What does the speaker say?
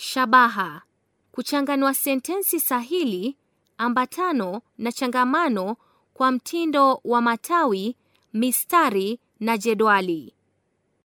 Shabaha: kuchanganua sentensi sahili, ambatano na changamano kwa mtindo wa matawi, mistari na jedwali.